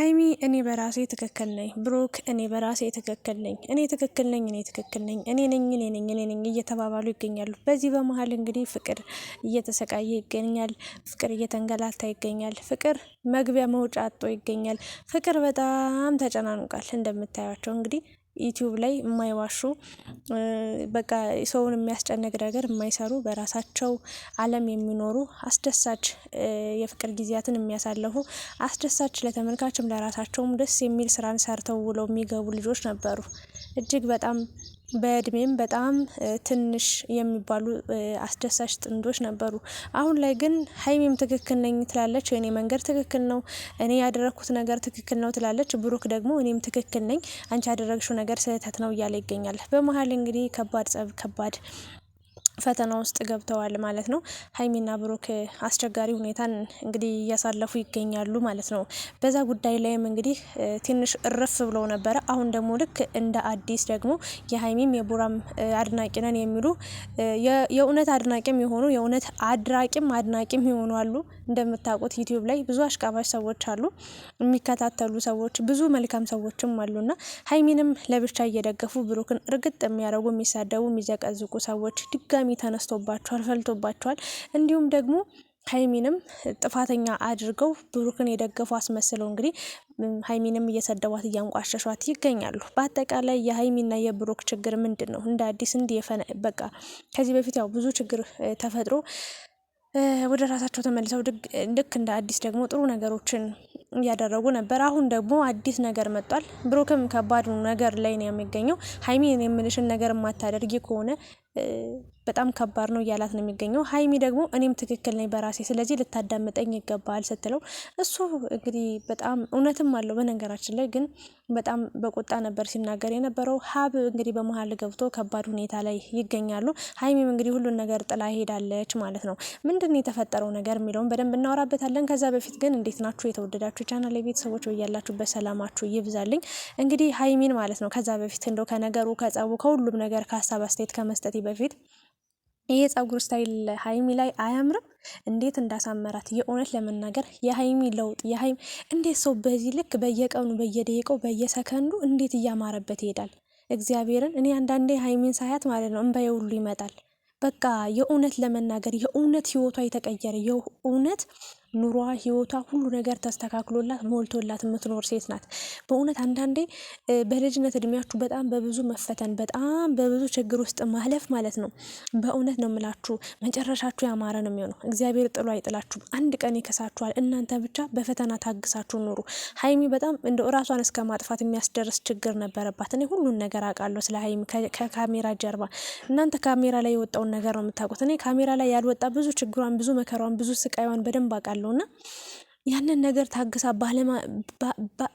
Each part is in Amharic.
ሀይሚ እኔ በራሴ ትክክል ነኝ፣ ብሩክ እኔ በራሴ ትክክል ነኝ፣ እኔ ትክክል ነኝ፣ እኔ ትክክል ነኝ፣ እኔ ነኝ፣ እኔ ነኝ፣ እኔ ነኝ እየተባባሉ ይገኛሉ። በዚህ በመሀል እንግዲህ ፍቅር እየተሰቃየ ይገኛል። ፍቅር እየተንገላታ ይገኛል። ፍቅር መግቢያ መውጫ አጥቶ ይገኛል። ፍቅር በጣም ተጨናንቋል። እንደምታያቸው እንግዲህ ዩቲዩብ ላይ የማይዋሹ በቃ ሰውን የሚያስጨንቅ ነገር የማይሰሩ በራሳቸው ዓለም የሚኖሩ አስደሳች የፍቅር ጊዜያትን የሚያሳልፉ አስደሳች ለተመልካችም ለራሳቸውም ደስ የሚል ስራን ሰርተው ውለው የሚገቡ ልጆች ነበሩ። እጅግ በጣም በእድሜም በጣም ትንሽ የሚባሉ አስደሳች ጥንዶች ነበሩ። አሁን ላይ ግን ሀይሚም ትክክል ነኝ ትላለች፣ የእኔ መንገድ ትክክል ነው፣ እኔ ያደረግኩት ነገር ትክክል ነው ትላለች። ብሩክ ደግሞ እኔም ትክክል ነኝ፣ አንቺ ያደረግሽው ነገር ስህተት ነው እያለ ይገኛል። በመሀል እንግዲህ ከባድ ጸብ፣ ከባድ ፈተና ውስጥ ገብተዋል ማለት ነው። ሀይሚና ብሩክ አስቸጋሪ ሁኔታን እንግዲህ እያሳለፉ ይገኛሉ ማለት ነው። በዛ ጉዳይ ላይም እንግዲህ ትንሽ እርፍ ብለው ነበረ። አሁን ደግሞ ልክ እንደ አዲስ ደግሞ የሀይሚም የቡራም አድናቂ ነን የሚሉ የእውነት አድናቂም የሆኑ የእውነት አድራቂም አድናቂም የሆኑ አሉ። እንደምታውቁት ዩቲዩብ ላይ ብዙ አሽቃባሽ ሰዎች አሉ፣ የሚከታተሉ ሰዎች ብዙ መልካም ሰዎችም አሉና ሀይሚንም ለብቻ እየደገፉ ብሩክን እርግጥ የሚያደርጉ የሚሳደቡ፣ የሚዘቀዝቁ ሰዎች ድጋሚ ድጋሚ ተነስቶባቸዋል፣ ፈልቶባቸዋል። እንዲሁም ደግሞ ሀይሚንም ጥፋተኛ አድርገው ብሩክን የደገፉ አስመስለው እንግዲህ ሀይሚንም እየሰደቧት እያንቋሸሿት ይገኛሉ። በአጠቃላይ የሀይሚና የብሩክ ችግር ምንድን ነው? እንደ አዲስ እንዲ የፈነ በቃ ከዚህ በፊት ያው ብዙ ችግር ተፈጥሮ ወደ ራሳቸው ተመልሰው ልክ እንደ አዲስ ደግሞ ጥሩ ነገሮችን እያደረጉ ነበር። አሁን ደግሞ አዲስ ነገር መጧል። ብሩክም ከባድ ነገር ላይ ነው የሚገኘው። ሀይሚን የምልሽን ነገር የማታደርጊ ከሆነ በጣም ከባድ ነው እያላት ነው የሚገኘው። ሀይሚ ደግሞ እኔም ትክክል ነኝ በራሴ ስለዚህ ልታዳምጠኝ ይገባል ስትለው እሱ እንግዲህ በጣም እውነትም አለው። በነገራችን ላይ ግን በጣም በቁጣ ነበር ሲናገር የነበረው። ሀብ እንግዲህ በመሀል ገብቶ ከባድ ሁኔታ ላይ ይገኛሉ። ሀይሚም እንግዲህ ሁሉን ነገር ጥላ ሄዳለች ማለት ነው። ምንድን ነው የተፈጠረው ነገር የሚለውን በደንብ እናወራበታለን። ከዛ በፊት ግን እንዴት ናችሁ የተወደዳችሁ ቻናል የቤተሰቦች ወያላችሁ በሰላማችሁ ይብዛልኝ። እንግዲህ ሀይሚን ማለት ነው ከዛ በፊት እንደው ከነገሩ ከጸቡ ከሁሉም ነገር ከሀሳብ አስተያየት ከመስጠት ከዚህ በፊት ይሄ ጸጉር ስታይል ሀይሚ ላይ አያምርም? እንዴት እንዳሳመራት የእውነት ለመናገር የሀይሚ ለውጥ የሀይሚ እንዴት ሰው በዚህ ልክ በየቀኑ በየደቂቃው በየሰከንዱ እንዴት እያማረበት ይሄዳል? እግዚአብሔርን እኔ አንዳንዴ ሀይሚን ሳያት ማለት ነው እንባዬ ሁሉ ይመጣል። በቃ የእውነት ለመናገር የእውነት ህይወቷ የተቀየረ የእውነት ኑሯ፣ ህይወቷ ሁሉ ነገር ተስተካክሎላት ሞልቶላት የምትኖር ሴት ናት። በእውነት አንዳንዴ በልጅነት እድሜያችሁ በጣም በብዙ መፈተን፣ በጣም በብዙ ችግር ውስጥ ማለፍ ማለት ነው። በእውነት ነው የምላችሁ መጨረሻችሁ ያማረ ነው የሚሆነው። እግዚአብሔር ጥሎ አይጥላችሁም። አንድ ቀን ይከሳችኋል። እናንተ ብቻ በፈተና ታግሳችሁ ኑሩ። ሀይሚ በጣም እንደ ራሷን እስከ ማጥፋት የሚያስደርስ ችግር ነበረባት። እኔ ሁሉን ነገር አውቃለሁ ስለ ሀይሚ ከካሜራ ጀርባ። እናንተ ካሜራ ላይ የወጣውን ነገር ነው የምታውቁት። እኔ ካሜራ ላይ ያልወጣ ብዙ ችግሯን፣ ብዙ መከሯን፣ ብዙ ስቃይዋን በደንብ አውቃለሁ። ያለው እና ያንን ነገር ታግሳ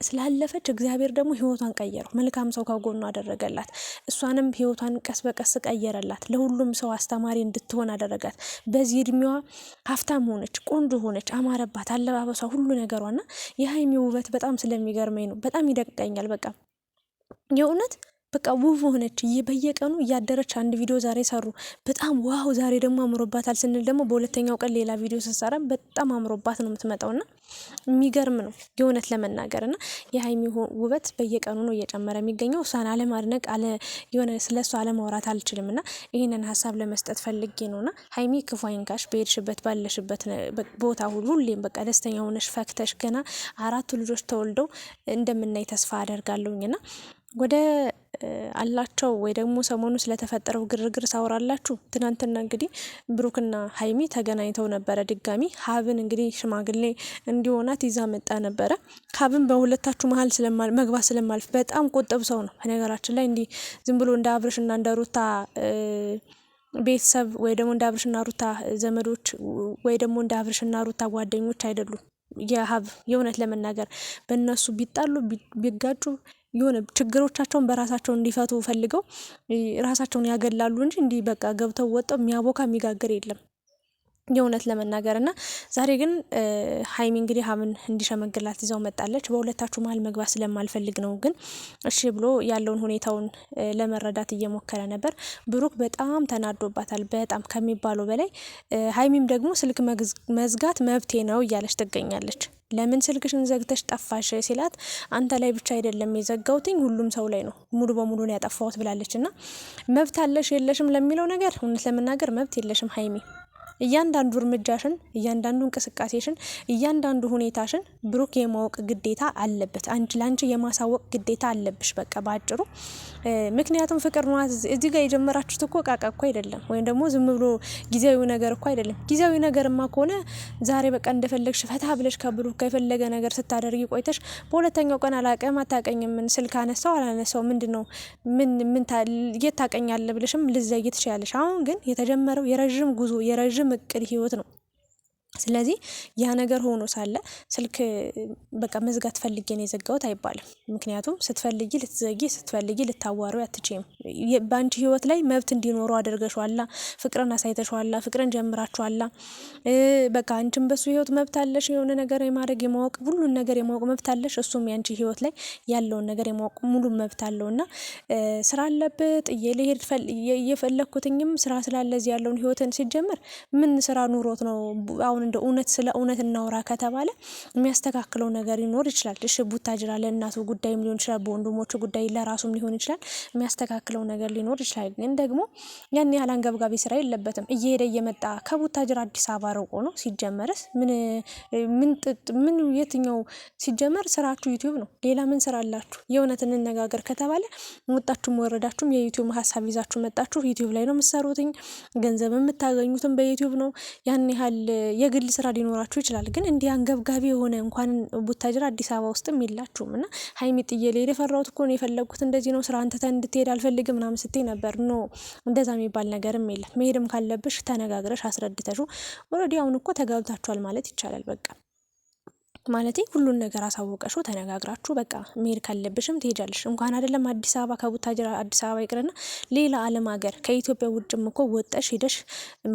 ስላለፈች እግዚአብሔር ደግሞ ህይወቷን ቀየረው። መልካም ሰው ከጎኗ አደረገላት። እሷንም ህይወቷን ቀስ በቀስ ቀየረላት። ለሁሉም ሰው አስተማሪ እንድትሆን አደረጋት። በዚህ እድሜዋ ሀብታም ሆነች፣ ቆንጆ ሆነች፣ አማረባት አለባበሷ፣ ሁሉ ነገሯና የሀይሚ ውበት በጣም ስለሚገርመኝ ነው። በጣም ይደቅቀኛል። በቃ የእውነት በቃ ውብ ሆነች። በየቀኑ እያደረች አንድ ቪዲዮ ዛሬ ሰሩ። በጣም ዋው፣ ዛሬ ደግሞ አምሮባታል ስንል ደግሞ በሁለተኛው ቀን ሌላ ቪዲዮ ስትሰራ በጣም አምሮባት ነው የምትመጣው ና የሚገርም ነው የእውነት ለመናገር እና የሀይሚ ውበት በየቀኑ ነው እየጨመረ የሚገኘው። እሷን አለማድነቅ የሆነ ስለ እሷ አለማውራት አልችልም። እና ይህንን ሀሳብ ለመስጠት ፈልጌ ና ሀይሚ ክፉ አይንካሽ። በሄድሽበት ባለሽበት ቦታ ሁሉ ሁሌም በቃ ደስተኛ ሆነሽ ፈክተሽ ገና አራቱ ልጆች ተወልደው እንደምናይ ተስፋ አደርጋለሁኝ ና ወደ አላቸው ወይ ደግሞ ሰሞኑ ስለተፈጠረው ግርግር ሳወራላችሁ ትናንትና እንግዲህ ብሩክና ሀይሚ ተገናኝተው ነበረ። ድጋሚ ሀብን እንግዲህ ሽማግሌ እንዲሆናት ይዛ መጣ ነበረ። ሀብን በሁለታችሁ መሀል መግባት ስለማልፍ በጣም ቁጥብ ሰው ነው። በነገራችን ላይ እንዲህ ዝም ብሎ እንደ አብርሽና እንደ ሩታ ቤተሰብ ወይ ደግሞ እንደ አብርሽና ሩታ ዘመዶች ወይ ደግሞ እንደ አብርሽና ሩታ ጓደኞች አይደሉም። የሀብ የእውነት ለመናገር በእነሱ ቢጣሉ ቢጋጩ የሆነ ችግሮቻቸውን በራሳቸው እንዲፈቱ ፈልገው ራሳቸውን ያገላሉ እንጂ እንዲህ በቃ ገብተው ወጠው የሚያቦካ የሚጋግር የለም። የእውነት ለመናገር እና ዛሬ ግን ሀይሚ እንግዲህ ሀብን እንዲሸመግላት ይዘው መጣለች። በሁለታችሁ መሀል መግባት ስለማልፈልግ ነው፣ ግን እሺ ብሎ ያለውን ሁኔታውን ለመረዳት እየሞከረ ነበር። ብሩክ በጣም ተናዶባታል፣ በጣም ከሚባለው በላይ። ሀይሚም ደግሞ ስልክ መዝጋት መብቴ ነው እያለች ትገኛለች። ለምን ስልክሽን ዘግተሽ ጠፋሽ ሲላት አንተ ላይ ብቻ አይደለም የዘጋውትኝ ሁሉም ሰው ላይ ነው ሙሉ በሙሉ ነው ያጠፋሁት ብላለች። እና መብት አለሽ የለሽም ለሚለው ነገር እውነት ለመናገር መብት የለሽም ሀይሚ እያንዳንዱ እርምጃሽን፣ እያንዳንዱ እንቅስቃሴሽን፣ እያንዳንዱ ሁኔታሽን ብሩክ የማወቅ ግዴታ አለበት። አንድ ለአንቺ የማሳወቅ ግዴታ አለብሽ። በቃ በአጭሩ ምክንያቱም ፍቅር ነዋት። እዚህ ጋር የጀመራችሁት እኮ ቃቃ እኮ አይደለም፣ ወይም ደግሞ ዝም ብሎ ጊዜያዊ ነገር እኮ አይደለም። ጊዜያዊ ነገርማ ከሆነ ዛሬ በቃ እንደፈለግሽ ፈታ ብለሽ ከብሩክ ከፈለገ ነገር ስታደርጊ ቆይተሽ በሁለተኛው ቀን አላቀም አታቀኝም፣ ምን ስልክ አነሳው አላነሳው ምንድን ነው ምን ምን የት ታቀኛለ ብለሽም ልዘይ ትችያለሽ። አሁን ግን የተጀመረው የረዥም ጉዞ የረዥም እቅድ ህይወት ነው። ስለዚህ ያ ነገር ሆኖ ሳለ ስልክ በቃ መዝጋት ፈልጌ ነው የዘጋሁት አይባልም። ምክንያቱም ስትፈልጊ ልትዘጊ፣ ስትፈልጊ ልታዋሪ አትችም። በአንቺ ህይወት ላይ መብት እንዲኖሩ አድርገሽዋላ፣ ፍቅርን አሳይተሽዋላ፣ ፍቅርን ጀምራችኋላ። በቃ አንቺም በሱ ህይወት መብት አለሽ፣ የሆነ ነገር የማድረግ የማወቅ ሁሉን ነገር የማወቅ መብት አለሽ። እሱም የአንቺ ህይወት ላይ ያለውን ነገር የማወቅ ሙሉ መብት አለው እና ስራ አለበት የልሄድ እየፈለግኩትኝም ስራ ስላለ እዚህ ያለውን ህይወትን ሲጀምር ምን ስራ ኑሮት ነው አሁን እንደ እውነት ስለ እውነት እናውራ ከተባለ የሚያስተካክለው ነገር ይኖር ይችላል። እሺ ቡታጅራ ለእናቱ ጉዳይም ሊሆን ይችላል፣ በወንድሞቹ ጉዳይ ለራሱም ሊሆን ይችላል። የሚያስተካክለው ነገር ሊኖር ይችላል። ግን ደግሞ ያን ያህል አንገብጋቢ ስራ የለበትም። እየሄደ እየመጣ ከቡታጅራ አዲስ አበባ ርቆ ነው ሲጀመርስ። ምን ምን የትኛው ሲጀመር ስራችሁ ዩቲዩብ ነው። ሌላ ምን ስራ አላችሁ? የእውነት እንነጋገር ከተባለ ወጣችሁም ወረዳችሁም የዩቲዩብ ሀሳብ ይዛችሁ መጣችሁ። ዩቲዩብ ላይ ነው የምትሰሩትኝ፣ ገንዘብ የምታገኙትም በዩቲዩብ ነው። ያን ያህል የግል ስራ ሊኖራችሁ ይችላል። ግን እንዲህ አንገብጋቢ የሆነ እንኳን ቡታጅራ አዲስ አበባ ውስጥም የላችሁም እና ሀይሚ ጥዬ ልሄድ የፈራሁት እኮ ነው የፈለግኩት እንደዚህ ነው ስራ አንተተ እንድትሄድ አልፈልግም ምናምን ስትይ ነበር። ኖ እንደዛ የሚባል ነገርም የለም። መሄድም ካለብሽ ተነጋግረሽ አስረድተሹ ኦልሬዲ አሁን እኮ ተጋብታችኋል ማለት ይቻላል በቃ ማለት ሁሉን ነገር አሳወቀሽው፣ ተነጋግራችሁ በቃ መሄድ ካለብሽም ትሄጃለሽ። እንኳን አይደለም አዲስ አበባ ከቡታጅራ አዲስ አበባ ይቅርና ሌላ ዓለም ሀገር ከኢትዮጵያ ውጭም እኮ ወጠሽ ሄደሽ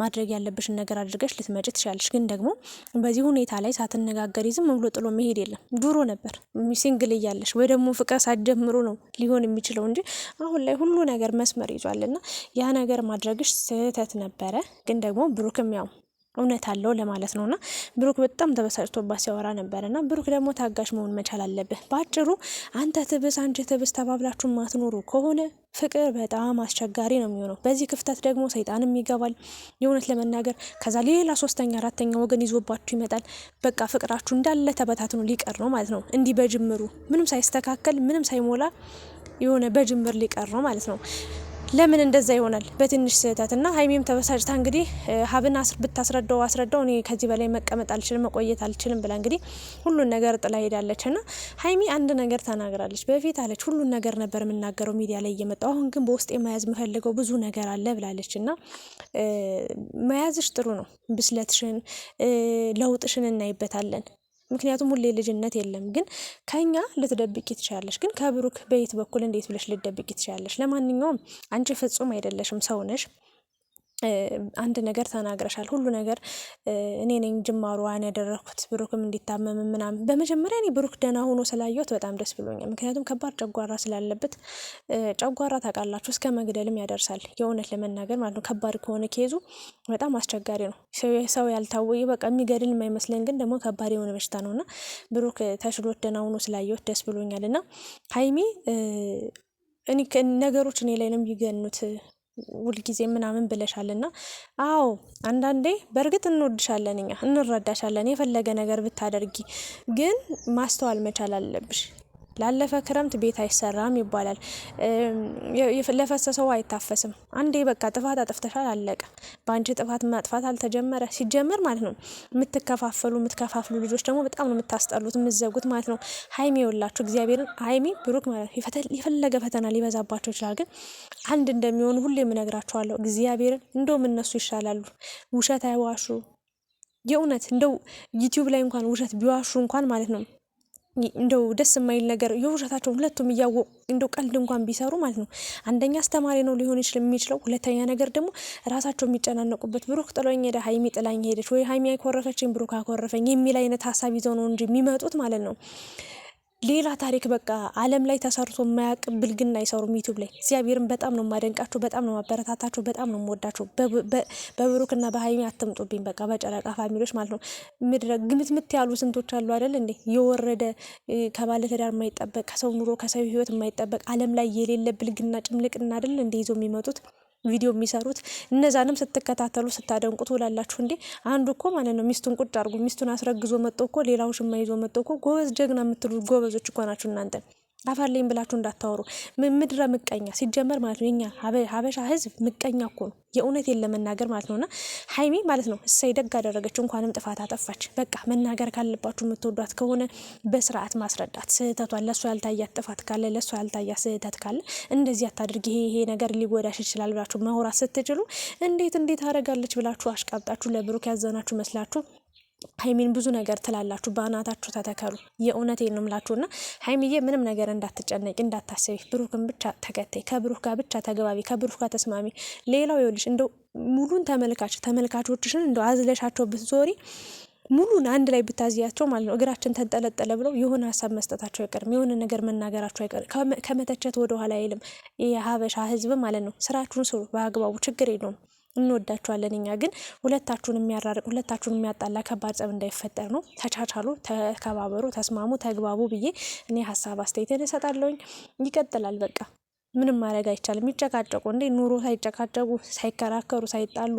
ማድረግ ያለብሽን ነገር አድርገሽ ልትመጪ ትችላለሽ። ግን ደግሞ በዚህ ሁኔታ ላይ ሳትነጋገሪ ዝም ብሎ ጥሎ መሄድ የለም። ድሮ ነበር ሲንግል እያለሽ ወይ ደግሞ ፍቅር ሳትጀምሩ ነው ሊሆን የሚችለው እንጂ አሁን ላይ ሁሉ ነገር መስመር ይዟልና ያ ነገር ማድረግሽ ስህተት ነበረ። ግን ደግሞ ብሩክም ያው እውነት አለው ለማለት ነውና ብሩክ በጣም ተበሳጭቶባት ሲያወራ ነበር። እና ብሩክ ደግሞ ታጋሽ መሆን መቻል አለብህ። በአጭሩ አንተ ትብስ አንቺ ትብስ ተባብላችሁ ማትኖሩ ከሆነ ፍቅር በጣም አስቸጋሪ ነው የሚሆነው። በዚህ ክፍተት ደግሞ ሰይጣንም ይገባል የእውነት ለመናገር ከዛ ሌላ ሶስተኛ አራተኛ ወገን ይዞባችሁ ይመጣል። በቃ ፍቅራችሁ እንዳለ ተበታትኖ ሊቀር ነው ማለት ነው። እንዲህ በጅምሩ ምንም ሳይስተካከል ምንም ሳይሞላ የሆነ በጅምር ሊቀር ነው ማለት ነው። ለምን እንደዛ ይሆናል? በትንሽ ስህተት እና ሀይሚም ተበሳጭታ እንግዲህ ሀብን ብታስረዳው አስረዳው እኔ ከዚህ በላይ መቀመጥ አልችልም መቆየት አልችልም ብላ እንግዲህ ሁሉን ነገር ጥላ ሄዳለች። እና ሀይሚ አንድ ነገር ተናግራለች። በፊት አለች ሁሉን ነገር ነበር የምናገረው ሚዲያ ላይ እየመጣው አሁን ግን በውስጥ የመያዝ የምፈልገው ብዙ ነገር አለ ብላለች። እና መያዝሽ ጥሩ ነው። ብስለትሽን ለውጥሽን እናይበታለን። ምክንያቱም ሁሌ ልጅነት የለም። ግን ከኛ ልትደብቂ ትችላለሽ፣ ግን ከብሩክ በየት በኩል እንዴት ብለሽ ልትደብቂ ትችላለሽ? ለማንኛውም አንቺ ፍጹም አይደለሽም ሰው ነሽ። አንድ ነገር ተናግረሻል። ሁሉ ነገር እኔ ነኝ ጅማሮዋን ያደረኩት ብሩክም እንዲታመም ምናምን። በመጀመሪያ እኔ ብሩክ ደህና ሆኖ ስላየሁት በጣም ደስ ብሎኛል። ምክንያቱም ከባድ ጨጓራ ስላለበት ጨጓራ ታውቃላችሁ፣ እስከ መግደልም ያደርሳል። የእውነት ለመናገር ማለት ነው። ከባድ ከሆነ ኬዙ በጣም አስቸጋሪ ነው። ሰው ያልታወየ በቃ የሚገድል የማይመስለን ግን ደግሞ ከባድ የሆነ በሽታ ነው እና ብሩክ ተሽሎት ደህና ሆኖ ስላየሁት ደስ ብሎኛል እና ሀይሚ ነገሮች እኔ ላይ ነው የሚገኑት ሁልጊዜ ምናምን ብለሻልና፣ አዎ አንዳንዴ በእርግጥ እንወድሻለን፣ እኛ እንረዳሻለን። የፈለገ ነገር ብታደርጊ ግን ማስተዋል መቻል አለብሽ። ላለፈ ክረምት ቤት አይሰራም ይባላል። ለፈሰሰው አይታፈስም። አንዴ በቃ ጥፋት አጥፍተሻል፣ አለቀ። በአንቺ ጥፋት ማጥፋት አልተጀመረ ሲጀመር ማለት ነው። የምትከፋፈሉ የምትከፋፍሉ ልጆች ደግሞ በጣም ነው የምታስጠሉት፣ የምዘጉት ማለት ነው። ሀይሚ የወላችሁ እግዚአብሔርን ሀይሚ ብሩክ ማለት ነው። የፈለገ ፈተና ሊበዛባቸው ይችላል፣ ግን አንድ እንደሚሆኑ ሁሌም እነግራቸዋለሁ። እግዚአብሔርን እንደውም እነሱ ይሻላሉ። ውሸት አይዋሹ የእውነት እንደው ዩቲዩብ ላይ እንኳን ውሸት ቢዋሹ እንኳን ማለት ነው እንደው ደስ የማይል ነገር የውሸታቸውን ሁለቱም እያወቁ እንደው ቀልድ እንኳን ቢሰሩ ማለት ነው። አንደኛ አስተማሪ ነው ሊሆን ይችል የሚችለው፣ ሁለተኛ ነገር ደግሞ ራሳቸው የሚጨናነቁበት ብሩክ ጥሎኝ ሄደ፣ ሀይሚ ጥላኝ ሄደች፣ ወይ ሀይሚ አይኮረፈችኝ ብሩክ አኮረፈኝ የሚል አይነት ሀሳብ ይዘው ነው እንጂ የሚመጡት ማለት ነው። ሌላ ታሪክ በቃ ዓለም ላይ ተሰርቶ የማያውቅ ብልግና አይሰሩም ዩቱብ ላይ። እግዚአብሔርን በጣም ነው የማደንቃቸው፣ በጣም ነው ማበረታታቸው፣ በጣም ነው የምወዳቸው። በብሩክና በሀይሚ አትምጡብኝ፣ በቃ በጨረቃ ፋሚሎች ማለት ነው። ምድረ ግምትምት ያሉ ስንቶች አሉ አይደል እንዴ? የወረደ ከባለትዳር ትዳር የማይጠበቅ ከሰው ኑሮ ከሰው ህይወት የማይጠበቅ ዓለም ላይ የሌለ ብልግና ጭምልቅና አይደል እንዴ ይዞ የሚመጡት ቪዲዮ የሚሰሩት እነዛንም ስትከታተሉ ስታደንቁ ትውላላችሁ። እንዴ አንዱ እኮ ማለት ነው ሚስቱን ቁጭ አድርጎ ሚስቱን አስረግዞ መጥቶ እኮ ሌላው ሽማ ይዞ መጥቶ እኮ ጎበዝ ጀግና የምትሉ ጎበዞች እኮ ናችሁ እናንተ። አፋለኝ ብላችሁ እንዳታወሩ። ምድረ ምቀኛ ሲጀመር ማለት ነው። የኛ ሀበሻ ህዝብ ምቀኛ እኮ ነው። የእውነቴን ለመናገር ማለት ነውና ሀይሚ ማለት ነው። እሰይ ደግ አደረገች፣ እንኳንም ጥፋት አጠፋች። በቃ መናገር ካለባችሁ የምትወዷት ከሆነ በስርዓት ማስረዳት ስህተቷን፣ ለእሷ ያልታያት ጥፋት ካለ ለእሷ ያልታያት ስህተት ካለ እንደዚህ አታድርግ፣ ይሄ ይሄ ነገር ሊጎዳሽ ይችላል ብላችሁ መውራት ስትችሉ እንዴት እንዴት አደርጋለች ብላችሁ አሽቃብጣችሁ ለብሩክ ያዘናችሁ መስላችሁ ሀይሚን ብዙ ነገር ትላላችሁ፣ በአናታችሁ ተተከሉ። የእውነት ነው ምላችሁ እና ሀይሚዬ ምንም ነገር እንዳትጨነቂ እንዳታስቢ፣ ብሩክን ብቻ ተከታይ፣ ከብሩክ ጋር ብቻ ተግባቢ፣ ከብሩክ ጋር ተስማሚ። ሌላው ይኸውልሽ እንደው ሙሉን ተመልካች ተመልካቾችሽን እንደው አዝለሻቸው ብትዞሪ ሙሉን አንድ ላይ ብታዝያቸው ማለት ነው። እግራችን ተንጠለጠለ ብለው የሆነ ሀሳብ መስጠታቸው አይቀርም፣ የሆነ ነገር መናገራቸው አይቀርም። ከመተቸት ወደኋላ አይልም የሀበሻ ህዝብ ማለት ነው። ስራችሁን ስሩ በአግባቡ፣ ችግር የለውም። እንወዳችኋለን። እኛ ግን ሁለታችሁን የሚያራርቅ ሁለታችሁን የሚያጣላ ከባድ ጸብ እንዳይፈጠር ነው። ተቻቻሉ፣ ተከባበሩ፣ ተስማሙ፣ ተግባቡ ብዬ እኔ ሀሳብ አስተያየትን እሰጣለሁኝ። ይቀጥላል በቃ ምንም ማድረግ አይቻልም። ይጨቃጨቁ እንዴ ኑሮ ሳይጨቃጨቁ ሳይከራከሩ ሳይጣሉ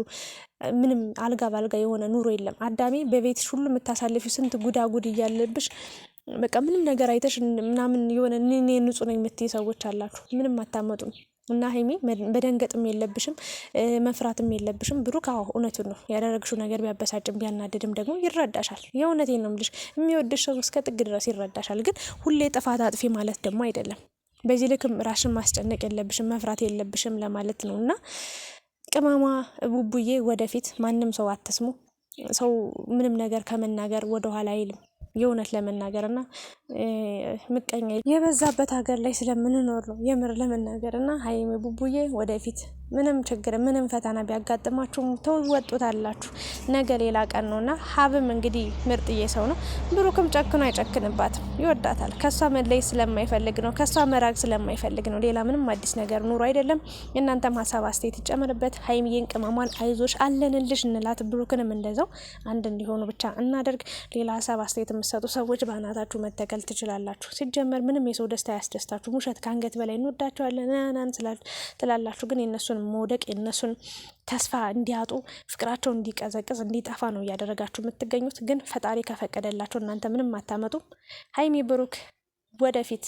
ምንም አልጋ ባልጋ የሆነ ኑሮ የለም። አዳሜ በቤትሽ ሁሉ የምታሳልፊ ስንት ጉዳጉድ እያለብሽ በቃ ምንም ነገር አይተሽ ምናምን የሆነ እኔ ንጹህ ነኝ የምትይ ሰዎች አላችሁ። ምንም አታመጡም። እና ሀይሚ መደንገጥም የለብሽም መፍራትም የለብሽም። ብሩክ አዎ እውነቱን ነው ያደረግሽው ነገር ቢያበሳጭም ቢያናድድም ደግሞ ይረዳሻል። የእውነቴ ነው የምልሽ የሚወድሽ ሰው እስከ ጥግ ድረስ ይረዳሻል። ግን ሁሌ ጥፋት አጥፊ ማለት ደግሞ አይደለም። በዚህ ልክም ራሽን ማስጨነቅ የለብሽም መፍራት የለብሽም ለማለት ነው እና ቅመማ ቡቡዬ ወደፊት ማንም ሰው አትስሙ። ሰው ምንም ነገር ከመናገር ወደኋላ አይልም። የእውነት ለመናገር እና ምቀኛ የበዛበት ሀገር ላይ ስለምንኖር ነው የምር ለመናገር እና ሀይሜ ቡቡዬ ወደፊት ምንም ችግር ምንም ፈተና ቢያጋጥማችሁ ተወጡታላችሁ። ነገ ሌላ ቀን ነው እና ሀብም እንግዲህ ምርጥዬ ሰው ነው። ብሩክም ጨክኖ አይጨክንባትም፣ ይወዳታል። ከእሷ መለይ ስለማይፈልግ ነው፣ ከእሷ መራቅ ስለማይፈልግ ነው። ሌላ ምንም አዲስ ነገር ኑሮ አይደለም። እናንተም ሀሳብ አስተያየት ይጨምርበት። ሀይሚዬን ቅመሟን፣ አይዞሽ አለንልሽ እንላት። ብሩክንም እንደዛው አንድ እንዲሆኑ ብቻ እናደርግ። ሌላ ሀሳብ አስተያየት ለምትሰጡ ሰዎች በአናታችሁ መተከል ትችላላችሁ። ሲጀመር ምንም የሰው ደስታ ያስደስታችሁ ውሸት ከአንገት በላይ እንወዳቸዋለን ናናን ትላላችሁ፣ ግን የእነሱን መውደቅ የእነሱን ተስፋ እንዲያጡ ፍቅራቸው እንዲቀዘቅዝ እንዲጠፋ ነው እያደረጋችሁ የምትገኙት። ግን ፈጣሪ ከፈቀደላቸው እናንተ ምንም አታመጡም። ሀይሚ ብሩክ ወደፊት